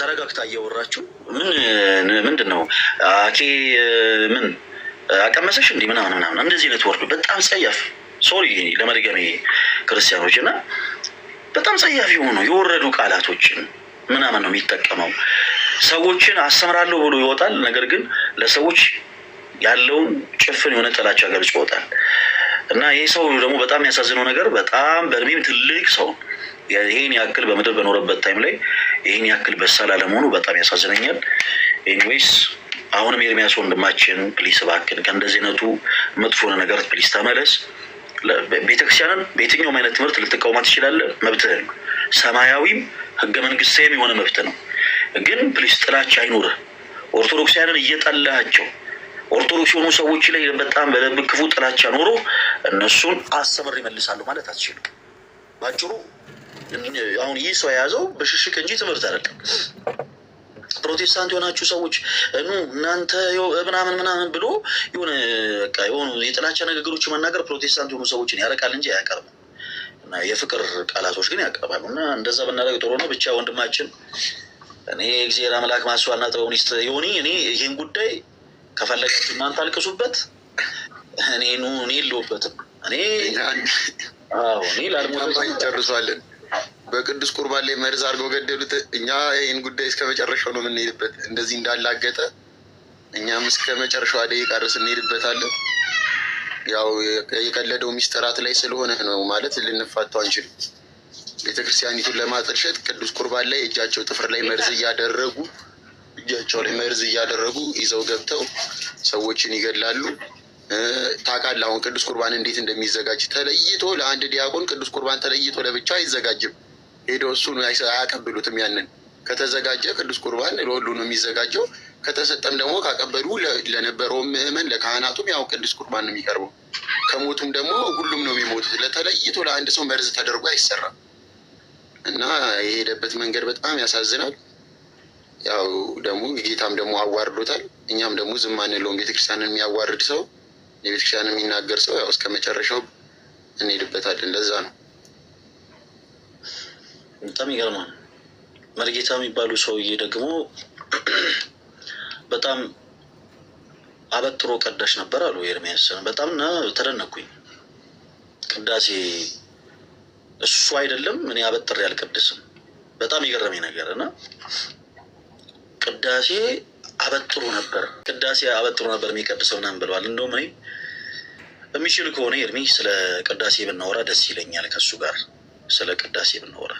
ተረጋግታ እያወራችሁ ምን ምንድን ነው አኬ ምን አቀመሰሽ እንዲህ ምናምን ምናምን እንደዚህ አይነት ወርዱ በጣም ጸያፍ፣ ሶሪ ለመድገሜ ክርስቲያኖች እና በጣም ጸያፍ የሆኑ የወረዱ ቃላቶችን ምናምን ነው የሚጠቀመው። ሰዎችን አስተምራለሁ ብሎ ይወጣል፣ ነገር ግን ለሰዎች ያለውን ጭፍን የሆነ ጥላቻ ገልጾ ይወጣል እና ይህ ሰው ደግሞ በጣም የሚያሳዝነው ነገር በጣም በእድሜም ትልቅ ሰው ነው። ይህን ያክል በምድር በኖረበት ታይም ላይ ይህን ያክል በሳል አለመሆኑ በጣም ያሳዝነኛል። ኤኒዌይስ አሁንም ኤርሚያስ ወንድማችን ፕሊስ እባክን ከእንደዚህ አይነቱ መጥፎነ ነገር ፕሊስ ተመለስ። ቤተክርስቲያንን በየትኛውም አይነት ትምህርት ልትቃወማ ትችላለህ፣ መብትህ ነው። ሰማያዊም ህገ መንግስታዊም የሆነ መብት ነው። ግን ፕሊስ ጥላች አይኑርህ። ኦርቶዶክሳያንን እየጠላሃቸው ኦርቶዶክስ የሆኑ ሰዎች ላይ በጣም በደንብ ክፉ ጥላቻ ኖሮ እነሱን አሰምር ይመልሳሉ ማለት አትችልም ባጭሩ አሁን ይህ ሰው የያዘው በሽሽቅ እንጂ ትምህርት አይደለም። ፕሮቴስታንት የሆናችሁ ሰዎች ኑ እናንተ ምናምን ምናምን ብሎ የሆነ በቃ የሆኑ የጥላቻ ንግግሮች መናገር ፕሮቴስታንት የሆኑ ሰዎችን ያረቃል እንጂ አያቀርም እና የፍቅር ቃላቶች ግን ያቀርባሉ። እና እንደዛ ብናደርግ ጥሩ ነው። ብቻ ወንድማችን እኔ እግዚአብሔር አምላክ ማስዋና ጥበብ የሆኒ እኔ ይህን ጉዳይ ከፈለጋችሁ እናንተ አልቅሱበት፣ እኔ ኑ እኔ የለሁበትም እኔ ጨርሷለን በቅዱስ ቁርባን ላይ መርዝ አድርገው ገደሉት። እኛ ይህን ጉዳይ እስከ መጨረሻው ነው የምንሄድበት። እንደዚህ እንዳላገጠ እኛም እስከ መጨረሻዋ ደቂቃ ድረስ እንሄድበታለን። ያው የቀለደው ሚስጥራት ላይ ስለሆነ ነው ማለት ልንፋቱ አንችልም። ቤተክርስቲያኒቱን ለማጥርሸት ቅዱስ ቁርባን ላይ እጃቸው ጥፍር ላይ መርዝ እያደረጉ እጃቸው ላይ መርዝ እያደረጉ ይዘው ገብተው ሰዎችን ይገላሉ። ታውቃለህ፣ አሁን ቅዱስ ቁርባን እንዴት እንደሚዘጋጅ ተለይቶ ለአንድ ዲያቆን ቅዱስ ቁርባን ተለይቶ ለብቻ አይዘጋጅም። ሄደው እሱን አያቀብሉትም። ያንን ከተዘጋጀ ቅዱስ ቁርባን ለሁሉ ነው የሚዘጋጀው። ከተሰጠም ደግሞ ካቀበሉ ለነበረው ምዕመን ለካህናቱም ያው ቅዱስ ቁርባን ነው የሚቀርበው። ከሞቱም ደግሞ ሁሉም ነው የሚሞቱት። ለተለይቶ ለአንድ ሰው መርዝ ተደርጎ አይሰራም እና የሄደበት መንገድ በጣም ያሳዝናል። ያው ደግሞ ጌታም ደግሞ አዋርዶታል። እኛም ደግሞ ዝም አንለውም። ቤተክርስቲያንን የሚያዋርድ ሰው፣ የቤተክርስቲያን የሚናገር ሰው ያው እስከ መጨረሻው እንሄድበታለን። ለዛ ነው በጣም ይገርማል። መርጌታ የሚባሉ ሰውዬ ደግሞ በጣም አበጥሮ ቀዳሽ ነበር አሉ ኤርሚያስ። በጣም ና ተደነኩኝ። ቅዳሴ እሱ አይደለም እኔ አበጥሬ አልቀድስም። በጣም የገረመኝ ነገር እና ቅዳሴ አበጥሮ ነበር ቅዳሴ አበጥሮ ነበር የሚቀድሰው ምናምን ብለዋል። እንደውም እኔ የሚችል ከሆነ ኤርሚ ስለ ቅዳሴ ብናወራ ደስ ይለኛል ከሱ ጋር ስለ ቅዳሴ ብናወራ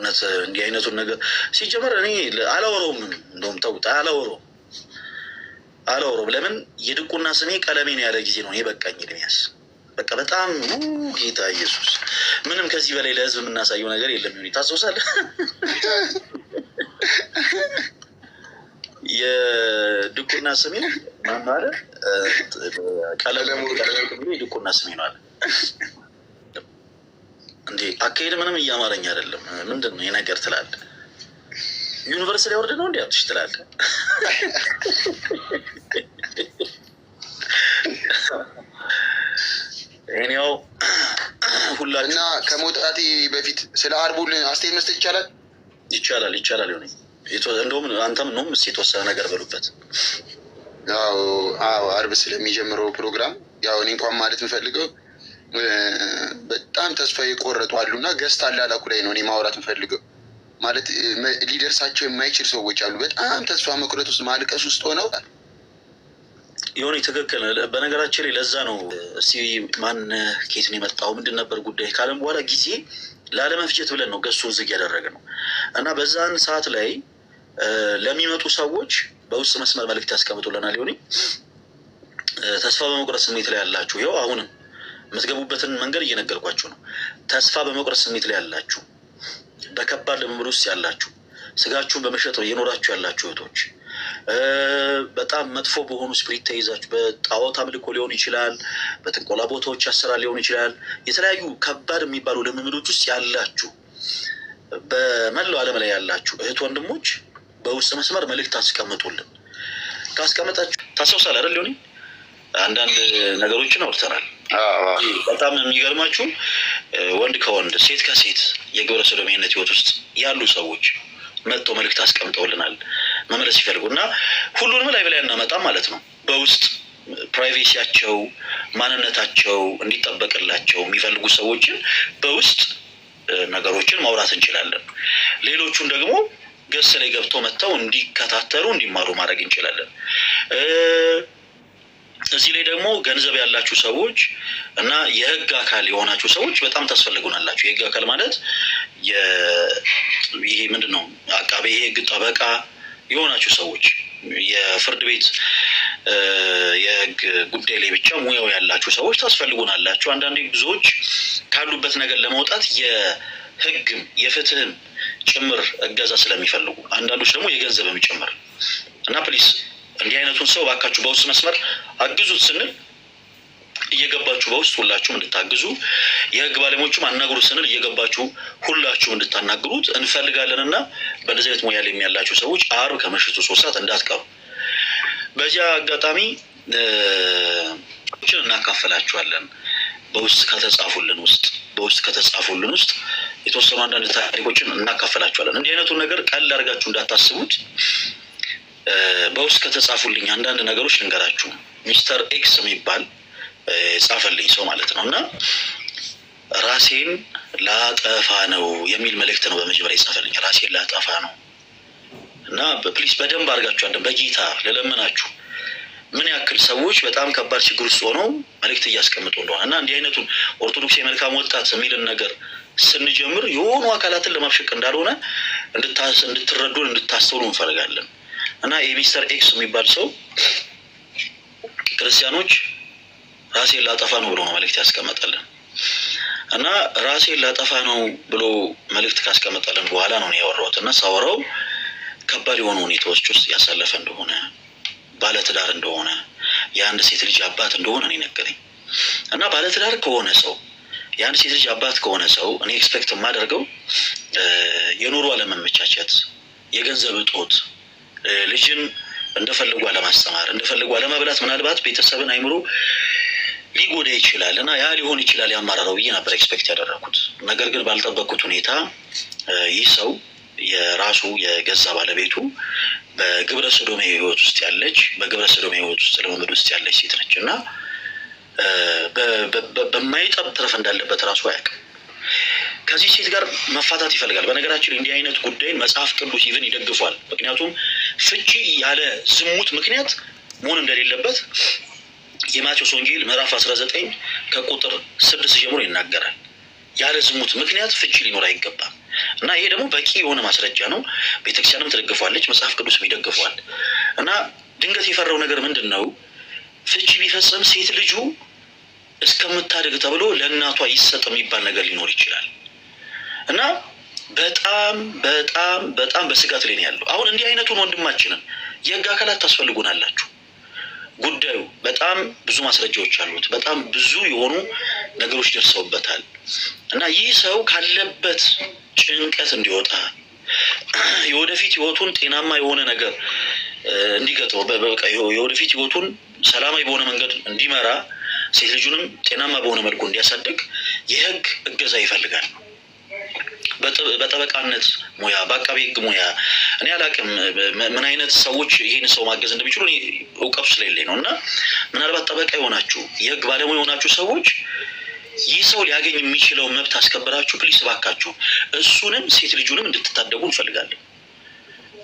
እውነት እንዲህ አይነቱን ነገር ሲጀመር እኔ አላወረውም። እንደውም ተውት፣ አላወረውም አላወረውም። ለምን የድቁና ስሜ ቀለሜን ያለ ጊዜ ነው የበቃኝ እድሜያስ በቃ በጣም ጌታ ኢየሱስ፣ ምንም ከዚህ በላይ ለህዝብ የምናሳየው ነገር የለም። ሆኔ ታስታውሳለህ፣ የድቁና ስሜ ማማረ ቀለሙ ቀለሙ ድቁና ስሜ ነው አለ እንዴ አካሄድ ምንም እያማረኝ አይደለም። ምንድን ነው የነገር ትላለ ዩኒቨርስ ወርድ ነው እንዲ አትሽ ትላለ እኔው ሁላ እና ከመውጣቴ በፊት ስለ አርቡል አስተያየት መስጠት ይቻላል ይቻላል ይቻላል። ሆነ እንደውም አንተም ነውም ስ የተወሰነ ነገር በሉበት። አዎ አርብ ስለሚጀምረው ፕሮግራም ያው እኔ እንኳን ማለት የምፈልገው በጣም ተስፋ የቆረጡ አሉ እና ገስት አላላኩ ላይ ነው እኔ ማውራት እንፈልገው ማለት ሊደርሳቸው የማይችል ሰዎች አሉ። በጣም ተስፋ መቁረጥ ውስጥ ማልቀስ ውስጥ ሆነው የሆነ ትክክል። በነገራችን ላይ ለዛ ነው እስቲ ማን ኬትን የመጣው ምንድን ነበር ጉዳይ ካለም በኋላ ጊዜ ላለመፍጀት ብለን ነው ገሱን ዝግ ያደረገ ነው እና በዛን ሰዓት ላይ ለሚመጡ ሰዎች በውስጥ መስመር መልእክት ያስቀምጡልናል። ሆኔ ተስፋ በመቁረጥ ስሜት ላይ ያላችሁ ይኸው አሁንም የምትገቡበትን መንገድ እየነገርኳችሁ ነው። ተስፋ በመቁረጥ ስሜት ላይ ያላችሁ፣ በከባድ ልምምድ ውስጥ ያላችሁ፣ ስጋችሁን በመሸጥ እየኖራችሁ ያላችሁ እህቶች፣ በጣም መጥፎ በሆኑ ስፕሪት ተይዛችሁ፣ በጣዖት አምልኮ ሊሆን ይችላል፣ በጥንቆላ ቦታዎች አሰራር ሊሆን ይችላል፣ የተለያዩ ከባድ የሚባሉ ልምምዶች ውስጥ ያላችሁ፣ በመላው ዓለም ላይ ያላችሁ እህት ወንድሞች በውስጥ መስመር መልእክት አስቀምጡልን። ካስቀመጣችሁ ታስታውሳለህ አይደል? ሊሆን አንዳንድ ነገሮችን አውርተናል። በጣም የሚገርማችሁ ወንድ ከወንድ ሴት ከሴት የግብረ ሰዶሜነት ህይወት ውስጥ ያሉ ሰዎች መጥተው መልእክት አስቀምጠውልናል መመለስ ይፈልጉ እና ሁሉንም ላይ በላይ እናመጣም ማለት ነው በውስጥ ፕራይቬሲያቸው ማንነታቸው እንዲጠበቅላቸው የሚፈልጉ ሰዎችን በውስጥ ነገሮችን ማውራት እንችላለን። ሌሎቹን ደግሞ ገስ ላይ ገብተው መጥተው እንዲከታተሉ እንዲማሩ ማድረግ እንችላለን። እዚህ ላይ ደግሞ ገንዘብ ያላችሁ ሰዎች እና የህግ አካል የሆናችሁ ሰዎች በጣም ታስፈልጉናላችሁ። የህግ አካል ማለት ይሄ ምንድን ነው? አቃቤ የህግ ጠበቃ የሆናችሁ ሰዎች የፍርድ ቤት የህግ ጉዳይ ላይ ብቻ ሙያው ያላችሁ ሰዎች ታስፈልጉናላችሁ። አንዳንዴ ብዙዎች ካሉበት ነገር ለመውጣት የህግም የፍትህም ጭምር እገዛ ስለሚፈልጉ አንዳንዶች ደግሞ የገንዘብም ጭምር እና ፕሊስ እንዲህ አይነቱን ሰው ባካችሁ በውስጥ መስመር አግዙት ስንል እየገባችሁ በውስጥ ሁላችሁም እንድታግዙ የህግ ባለሙያዎችም አናግሩት ስንል እየገባችሁ ሁላችሁም እንድታናግሩት እንፈልጋለን እና በእነዚህ አይነት ሙያ ላይ ያላችሁ ሰዎች አርብ ከምሽቱ ሶስት ሰዓት እንዳትቀሩ። በዚያ አጋጣሚ ችን እናካፈላችኋለን። በውስጥ ከተጻፉልን ውስጥ በውስጥ ከተጻፉልን ውስጥ የተወሰኑ አንዳንድ ታሪኮችን እናካፈላችኋለን። እንዲህ አይነቱን ነገር ቀል አድርጋችሁ እንዳታስቡት። በውስጥ ከተጻፉልኝ አንዳንድ ነገሮች ልንገራችሁ። ሚስተር ኤክስ የሚባል ጻፈልኝ ሰው ማለት ነው እና ራሴን ላጠፋ ነው የሚል መልእክት ነው በመጀመሪያ የጻፈልኝ። ራሴን ላጠፋ ነው እና ፕሊስ በደንብ አድርጋችሁ አንድ በጌታ ልለምናችሁ ምን ያክል ሰዎች በጣም ከባድ ችግር ውስጥ ሆነው መልእክት እያስቀምጡ እንደሆነ እና እንዲህ አይነቱን ኦርቶዶክስ የመልካም ወጣት የሚልን ነገር ስንጀምር የሆኑ አካላትን ለማብሸቅ እንዳልሆነ እንድትረዱን እንድታስተውሉ እንፈልጋለን እና የሚስተር ኤክስ የሚባል ሰው ክርስቲያኖች ራሴን ላጠፋ ነው ብሎ መልእክት ያስቀመጠልን እና ራሴን ላጠፋ ነው ብሎ መልእክት ካስቀመጠልን በኋላ ነው ያወራሁት እና ሳወራው ከባድ የሆኑ ሁኔታዎች ውስጥ ያሳለፈ እንደሆነ ባለትዳር እንደሆነ የአንድ ሴት ልጅ አባት እንደሆነ ነው የነገረኝ። እና ባለትዳር ከሆነ ሰው የአንድ ሴት ልጅ አባት ከሆነ ሰው እኔ ኤክስፔክት የማደርገው የኑሮ አለመመቻቸት፣ የገንዘብ እጦት፣ ልጅን እንደፈልጉ አለማስተማር፣ እንደፈልጉ አለመብላት ምናልባት ቤተሰብን አይምሮ ሊጎዳ ይችላል እና ያ ሊሆን ይችላል ያማራረው ብዬ ነበር ኤክስፔክት ያደረኩት። ነገር ግን ባልጠበቅኩት ሁኔታ ይህ ሰው የራሱ የገዛ ባለቤቱ በግብረ ሰዶሜ ህይወት ውስጥ ያለች በግብረ ሰዶሜ ህይወት ውስጥ ልምምድ ውስጥ ያለች ሴት ነች እና በማይጠብ ትረፍ እንዳለበት ራሱ አያውቅም። ከዚህ ሴት ጋር መፋታት ይፈልጋል። በነገራችን እንዲህ አይነት ጉዳይን መጽሐፍ ቅዱስ ይብን ይደግፏል። ምክንያቱም ፍቺ ያለ ዝሙት ምክንያት መሆን እንደሌለበት የማቴዎስ ወንጌል ምዕራፍ አስራ ዘጠኝ ከቁጥር ስድስት ጀምሮ ይናገራል። ያለ ዝሙት ምክንያት ፍቺ ሊኖር አይገባም እና ይሄ ደግሞ በቂ የሆነ ማስረጃ ነው። ቤተክርስቲያንም ትደግፏለች፣ መጽሐፍ ቅዱስም ይደግፏል። እና ድንገት የፈራው ነገር ምንድን ነው? ፍቺ ቢፈጸም ሴት ልጁ እስከምታድግ ተብሎ ለእናቷ ይሰጥ የሚባል ነገር ሊኖር ይችላል። እና በጣም በጣም በጣም በስጋት ላይ ነው ያለው። አሁን እንዲህ አይነቱን ወንድማችንን የህግ አካላት ታስፈልጉናላችሁ። ጉዳዩ በጣም ብዙ ማስረጃዎች አሉት። በጣም ብዙ የሆኑ ነገሮች ደርሰውበታል እና ይህ ሰው ካለበት ጭንቀት እንዲወጣ የወደፊት ህይወቱን ጤናማ የሆነ ነገር እንዲገጥመው የወደፊት ህይወቱን ሰላማዊ በሆነ መንገድ እንዲመራ ሴት ልጁንም ጤናማ በሆነ መልኩ እንዲያሳድግ የህግ እገዛ ይፈልጋል። በጠበቃነት ሙያ፣ በአቃቤ ህግ ሙያ እኔ አላቅም ምን አይነት ሰዎች ይህን ሰው ማገዝ እንደሚችሉ እኔ እውቀቱ ስለሌለኝ ነው። እና ምናልባት ጠበቃ የሆናችሁ የህግ ባለሙያ የሆናችሁ ሰዎች ይህ ሰው ሊያገኝ የሚችለው መብት አስከበራችሁ፣ ፕሊስ እባካችሁ እሱንም ሴት ልጁንም እንድትታደጉ እንፈልጋለን።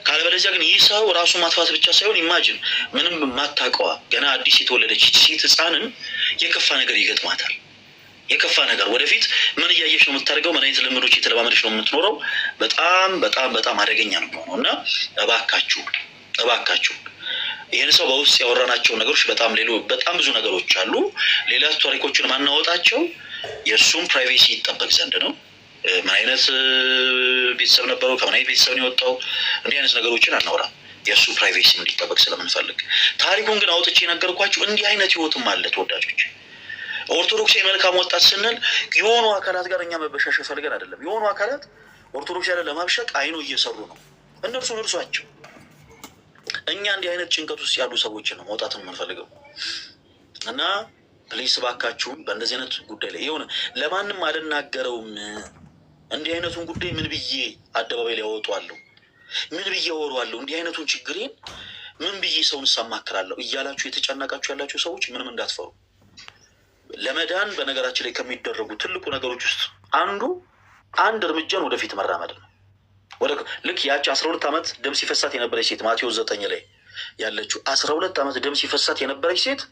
ካለበለዚያ ግን ይህ ሰው ራሱን ማጥፋት ብቻ ሳይሆን ኢማጅን ምንም ማታቀዋ ገና አዲስ የተወለደች ሴት ህፃንን የከፋ ነገር ይገጥማታል። የከፋ ነገር ወደፊት ምን እያየሽ ነው የምታደርገው? ምን አይነት ልምዶች የተለማመደች ነው የምትኖረው? በጣም በጣም በጣም አደገኛ ነው የሚሆነው እና እባካችሁ እባካችሁ ይህን ሰው በውስጥ ያወራናቸው ነገሮች በጣም ሌሎ በጣም ብዙ ነገሮች አሉ። ሌላ ታሪኮችን ማናወጣቸው የእሱም ፕራይቬሲ ይጠበቅ ዘንድ ነው። ምን አይነት ቤተሰብ ነበረው? ከምን አይነት ቤተሰብ ነው የወጣው? እንዲህ አይነት ነገሮችን አናወራም። የእሱ ፕራይቬሲ እንዲጠበቅ ስለምንፈልግ ታሪኩን ግን አውጥቼ የነገርኳቸው እንዲህ አይነት ህይወትም አለ ተወዳጆች ኦርቶዶክስ የመልካም ወጣት ስንል የሆኑ አካላት ጋር እኛ መበሻሸ ፈልገን አይደለም። የሆኑ አካላት ኦርቶዶክስ ያለ ለማብሸቅ አይኖ እየሰሩ ነው። እነርሱን እርሷቸው። እኛ እንዲህ አይነት ጭንቀት ውስጥ ያሉ ሰዎች ነው መውጣት የምንፈልገው እና ፕሊስ እባካችሁም በእንደዚህ አይነት ጉዳይ ላይ የሆነ ለማንም አልናገረውም። እንዲህ አይነቱን ጉዳይ ምን ብዬ አደባባይ ላይ ያወጧለሁ? ምን ብዬ ወሯለሁ? እንዲህ አይነቱን ችግሬን ምን ብዬ ሰውን እሳማክራለሁ? እያላችሁ የተጨናቃችሁ ያላችሁ ሰዎች ምንም እንዳትፈሩ። ለመዳን በነገራችን ላይ ከሚደረጉ ትልቁ ነገሮች ውስጥ አንዱ አንድ እርምጃን ወደፊት መራመድ ነው። ወደ ልክ ያቺ አስራ ሁለት ዓመት ደም ሲፈሳት የነበረች ሴት ማቴዎስ ዘጠኝ ላይ ያለችው አስራ ሁለት ዓመት ደም ሲፈሳት የነበረች ሴት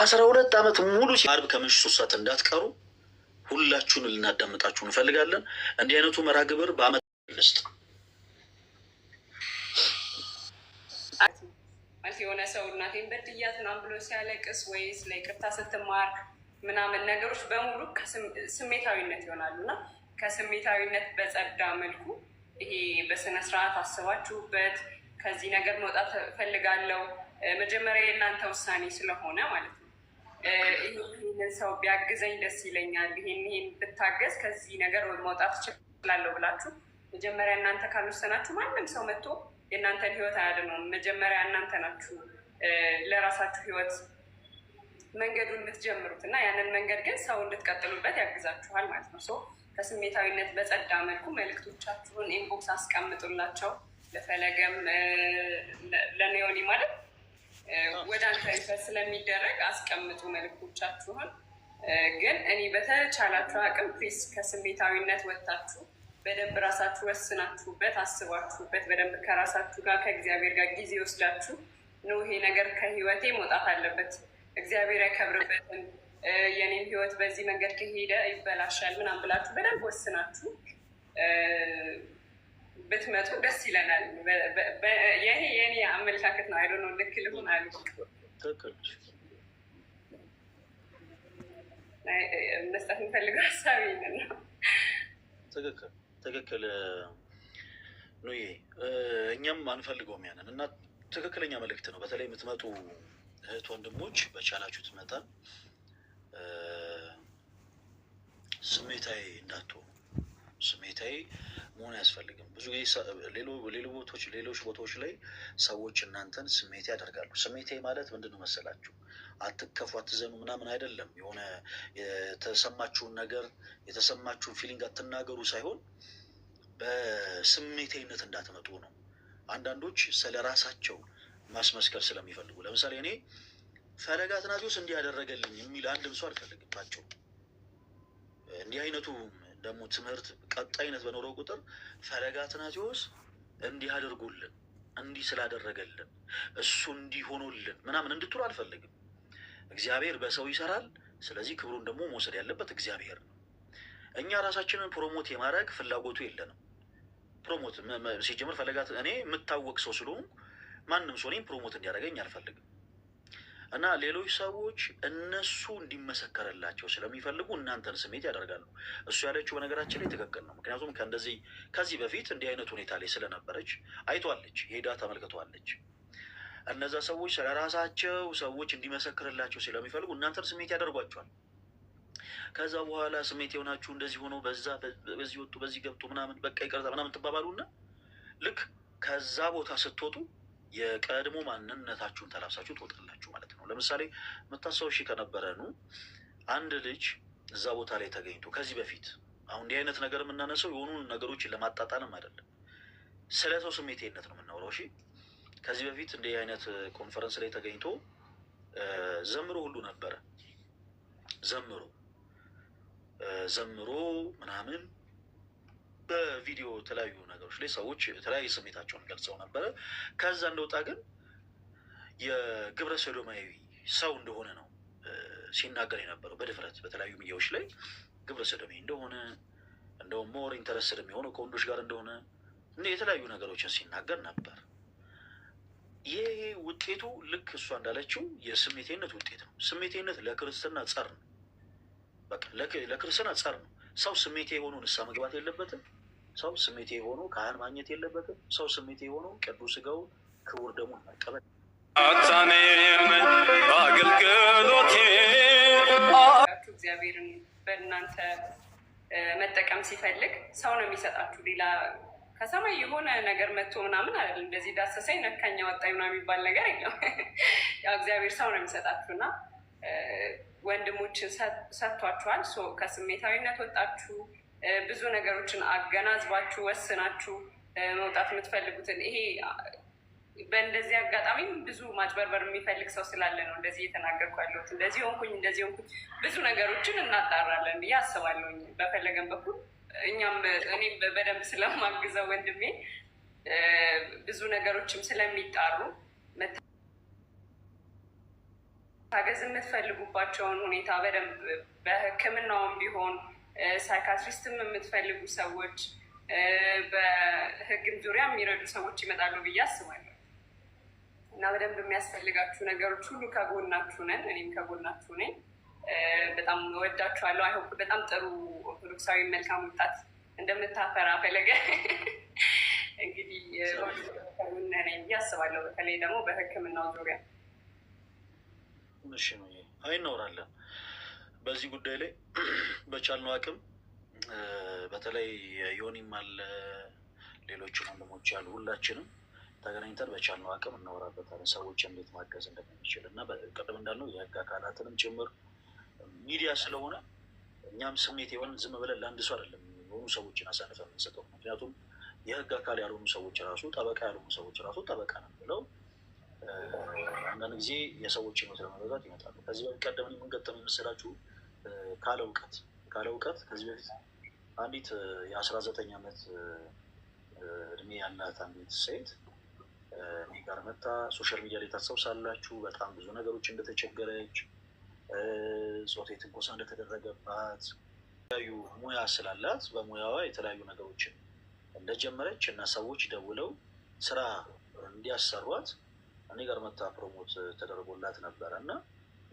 አስራ ሁለት ዓመት ሙሉ አርብ ከምሽቱ ሶስት ሰዓት እንዳትቀሩ ሁላችሁን ልናዳምጣችሁ እንፈልጋለን። እንዲህ አይነቱ መርሃ ግብር በአመት ውስጥ የሆነ ሰው እናቴን በድያት ምናምን ብሎ ሲያለቅስ ወይስ ለይቅርታ ስትማር ምናምን ነገሮች በሙሉ ስሜታዊነት ይሆናሉ እና ከስሜታዊነት በጸዳ መልኩ ይሄ በስነ ስርዓት አስባችሁበት ከዚህ ነገር መውጣት ፈልጋለው መጀመሪያ የእናንተ ውሳኔ ስለሆነ ማለት ነው። ይህንን ሰው ቢያግዘኝ ደስ ይለኛል፣ ይሄን ይሄን ብታገዝ ከዚህ ነገር መውጣት እችላለሁ ብላችሁ መጀመሪያ እናንተ ካልወሰናችሁ ማንም ሰው መጥቶ የእናንተን ህይወት አያድነውም። መጀመሪያ እናንተ ናችሁ ለራሳችሁ ህይወት መንገዱን የምትጀምሩት እና ያንን መንገድ ግን ሰው እንድትቀጥሉበት ያግዛችኋል ማለት ነው። ሶ ከስሜታዊነት በጸዳ መልኩ መልእክቶቻችሁን ኢንቦክስ አስቀምጡላቸው። ለፈለገም ለኔዮኒ ማለት ወደ አንተ ስለሚደረግ አስቀምጡ መልእክቶቻችሁን። ግን እኔ በተቻላችሁ አቅም ፕሊስ ከስሜታዊነት ወጥታችሁ በደንብ ራሳችሁ ወስናችሁበት አስባችሁበት በደንብ ከራሳችሁ ጋር ከእግዚአብሔር ጋር ጊዜ ወስዳችሁ ነው ይሄ ነገር ከህይወቴ መውጣት አለበት፣ እግዚአብሔር ያከብርበትን የኔም ህይወት በዚህ መንገድ ከሄደ ይበላሻል ምናምን ብላችሁ በደንብ ወስናችሁ ብትመጡ ደስ ይለናል። ይሄ የኔ አመለካከት ነው። አይዶ ነው ልክ ልሆን አሉ መስጠት የምፈልገው ሀሳብ ነው። ትክክል ትክክል ነው። እኛም አንፈልገውም ያንን እና ትክክለኛ መልእክት ነው። በተለይ የምትመጡ እህት ወንድሞች በቻላችሁት መጠን ስሜታዊ እንዳትሆኑ ስሜታዊ መሆን አያስፈልግም። ብዙ ጊዜ ሌሎች ቦታዎች ላይ ሰዎች እናንተን ስሜቴ ያደርጋሉ። ስሜቴ ማለት ምንድን ነው መሰላችሁ? አትከፉ፣ አትዘኑ ምናምን አይደለም። የሆነ የተሰማችሁን ነገር የተሰማችሁን ፊሊንግ አትናገሩ ሳይሆን በስሜቴነት እንዳትመጡ ነው። አንዳንዶች ስለ ራሳቸው ማስመስከር ስለሚፈልጉ ለምሳሌ እኔ ፈለገ አትናትዮስ እንዲህ ያደረገልኝ የሚል አንድም ሰው አልፈልግባቸው እንዲህ አይነቱ ደግሞ ትምህርት ቀጣይነት በኖረው ቁጥር ፈለገ አትናቴዎስ እንዲህ አድርጉልን እንዲህ ስላደረገልን እሱ እንዲህ ሆኖልን ምናምን እንድትሉ አልፈልግም። እግዚአብሔር በሰው ይሰራል። ስለዚህ ክብሩን ደግሞ መውሰድ ያለበት እግዚአብሔር ነው። እኛ ራሳችንን ፕሮሞት የማድረግ ፍላጎቱ የለንም። ፕሮሞት ሲጀምር ፈለጋት እኔ የምታወቅ ሰው ስለሆንኩ ማንም ሰው እኔም ፕሮሞት እንዲያደርገኝ አልፈልግም። እና ሌሎች ሰዎች እነሱ እንዲመሰከርላቸው ስለሚፈልጉ እናንተን ስሜት ያደርጋሉ። እሱ ያለችው በነገራችን ላይ ትክክል ነው። ምክንያቱም ከእንደዚህ ከዚህ በፊት እንዲህ አይነት ሁኔታ ላይ ስለነበረች አይቷለች፣ ሄዳ ተመልክቷለች። እነዛ ሰዎች ስለራሳቸው ሰዎች እንዲመሰክርላቸው ስለሚፈልጉ እናንተን ስሜት ያደርጓቸዋል። ከዛ በኋላ ስሜት የሆናችሁ እንደዚህ ሆኖ በዛ በዚህ ወጡ በዚህ ገብቶ ምናምን በቃ ይቅርታ ምናምን ትባባሉና ልክ ከዛ ቦታ ስትወጡ የቀድሞ ማንነታችሁን ተላብሳችሁ ትወጣላችሁ ማለት ነው። ለምሳሌ መታሰብ ሺ ከነበረ ኑ አንድ ልጅ እዛ ቦታ ላይ ተገኝቶ ከዚህ በፊት አሁን እንዲህ አይነት ነገር የምናነሰው የሆኑ ነገሮችን ለማጣጣንም አይደለም፣ ስለ ሰው ነው የምናውረው። እሺ ከዚህ በፊት እንዲህ አይነት ኮንፈረንስ ላይ ተገኝቶ ዘምሮ ሁሉ ነበረ ዘምሮ ዘምሮ ምናምን በቪዲዮ የተለያዩ ነገሮች ላይ ሰዎች የተለያየ ስሜታቸውን ገልጸው ነበረ። ከዛ እንደወጣ ግን የግብረ ሰዶማዊ ሰው እንደሆነ ነው ሲናገር የነበረው በድፍረት በተለያዩ ሚዲያዎች ላይ ግብረ ሰዶማዊ እንደሆነ እንደውም ሞር ኢንተረስትድ የሚሆነው ከወንዶች ጋር እንደሆነ የተለያዩ ነገሮችን ሲናገር ነበር። ይሄ ውጤቱ ልክ እሷ እንዳለችው የስሜቴነት ውጤት ነው። ስሜቴነት ለክርስትና ጸር ነው። በቃ ለክርስትና ጸር ነው። ሰው ስሜቴ የሆኑ ንሳ መግባት የለበትም። ሰው ስሜቴ የሆኑ ካህን ማግኘት የለበትም። ሰው ስሜቴ የሆኑ ቅዱስ ሥጋውን ክቡር ደግሞ መቀበል አገልግሎት እግዚአብሔርን በእናንተ መጠቀም ሲፈልግ ሰው ነው የሚሰጣችሁ። ሌላ ከሰማይ የሆነ ነገር መጥቶ ምናምን አይደለም። እንደዚህ ዳሰሰኝ፣ ነካኛ ወጣኝ ምናምን የሚባል ነገር የለም። ያው እግዚአብሔር ሰው ነው የሚሰጣችሁ እና ወንድሞችን ሰጥቷችኋል። ከስሜታዊነት ወጣችሁ ብዙ ነገሮችን አገናዝባችሁ ወስናችሁ መውጣት የምትፈልጉትን ይሄ በእንደዚህ አጋጣሚ ብዙ ማጭበርበር የሚፈልግ ሰው ስላለ ነው እንደዚህ እየተናገርኩ ያለሁት። እንደዚህ ሆንኩኝ፣ እንደዚህ ሆንኩኝ፣ ብዙ ነገሮችን እናጣራለን ብዬ አስባለሁኝ። በፈለገን በኩል እኛም እኔም በደንብ ስለማግዘው ወንድሜ ብዙ ነገሮችም ስለሚጣሩ መታገዝ የምትፈልጉባቸውን ሁኔታ በደንብ በሕክምናውም ቢሆን ሳይካትሪስትም የምትፈልጉ ሰዎች፣ በህግም ዙሪያ የሚረዱ ሰዎች ይመጣሉ ብዬ አስባለሁ እና በደንብ የሚያስፈልጋችሁ ነገሮች ሁሉ ከጎናችሁ ነን፣ እኔም ከጎናችሁ ነኝ። በጣም ወዳችኋለሁ። አይሆፕ በጣም ጥሩ ኦርቶዶክሳዊ መልካም ወጣት እንደምታፈራ ፈለገ እንግዲህ ነኝ አስባለሁ። በተለይ ደግሞ በህክምናው ዙሪያ ምሽ አይኖራለን በዚህ ጉዳይ ላይ በቻልነው አቅም በተለይ ዮኒም አለ ሌሎችን ወንድሞች ያሉ ሁላችንም ተገናኝተን በቻልነው አቅም እናወራበታለን። ሰዎች እንዴት ማገዝ እንደምንችል እና ቅድም እንዳልነው የህግ አካላትንም ጭምር ሚዲያ ስለሆነ እኛም ስሜት የሆን ዝም ብለን ለአንድ ሰው አይደለም የሆኑ ሰዎችን አሳልፈ የምንሰጠው። ምክንያቱም የህግ አካል ያልሆኑ ሰዎች ራሱ ጠበቃ ያልሆኑ ሰዎች ራሱ ጠበቃ ነው ብለው አንዳንድ ጊዜ የሰዎች ህይወት ለመረዳት ይመጣሉ። ከዚህ በቀደም የምንገጠም የምስላችሁ ካለ እውቀት ካለ እውቀት ከዚህ በፊት አንዲት የአስራ ዘጠኝ ዓመት እድሜ ያላት አንዲት ሴት እኔ ጋር መታ ሶሻል ሚዲያ ላይ ታስታውሳላችሁ፣ በጣም ብዙ ነገሮች እንደተቸገረች፣ ጾቴ ትንኮሳ እንደተደረገባት፣ የተለያዩ ሙያ ስላላት በሙያዋ የተለያዩ ነገሮችን እንደጀመረች እና ሰዎች ደውለው ስራ እንዲያሰሯት እኔ ጋር መታ ፕሮሞት ተደርጎላት ነበረ እና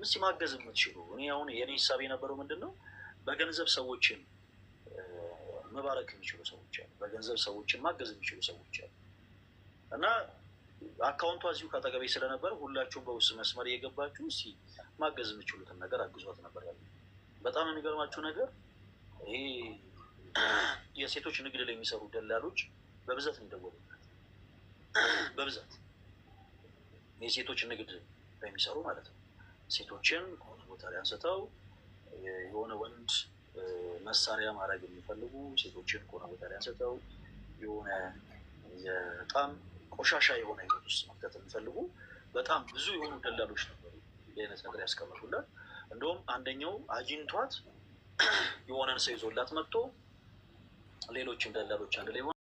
እስቲ ማገዝ የምትችሉ እኔ አሁን የኔ ሂሳብ የነበረው ምንድን ነው፣ በገንዘብ ሰዎችን መባረክ የሚችሉ ሰዎች አሉ፣ በገንዘብ ሰዎችን ማገዝ የሚችሉ ሰዎች አሉ። እና አካውንቷ እዚሁ ከአጠገቤ ስለነበር ሁላችሁም በውስጥ መስመር እየገባችሁ እስቲ ማገዝ የምችሉትን ነገር አግዟት ነበር ያለ። በጣም የሚገርማችሁ ነገር ይሄ የሴቶች ንግድ ላይ የሚሰሩ ደላሎች በብዛት እንደወሉበት በብዛት የሴቶች ንግድ ላይ የሚሰሩ ማለት ነው ሴቶችን ከሆነ ቦታ ላይ አንስተው የሆነ ወንድ መሳሪያ ማድረግ የሚፈልጉ ሴቶችን ከሆነ ቦታ ላይ አንስተው የሆነ በጣም ቆሻሻ የሆነ ህይወት ውስጥ መክተት የሚፈልጉ በጣም ብዙ የሆኑ ደላሎች ነበሩ። የአይነት ነገር ያስቀምጡላት። እንደውም አንደኛው አግኝቷት የሆነን ሰው ይዞላት መጥቶ ሌሎችም ደላሎች አንድ ላይ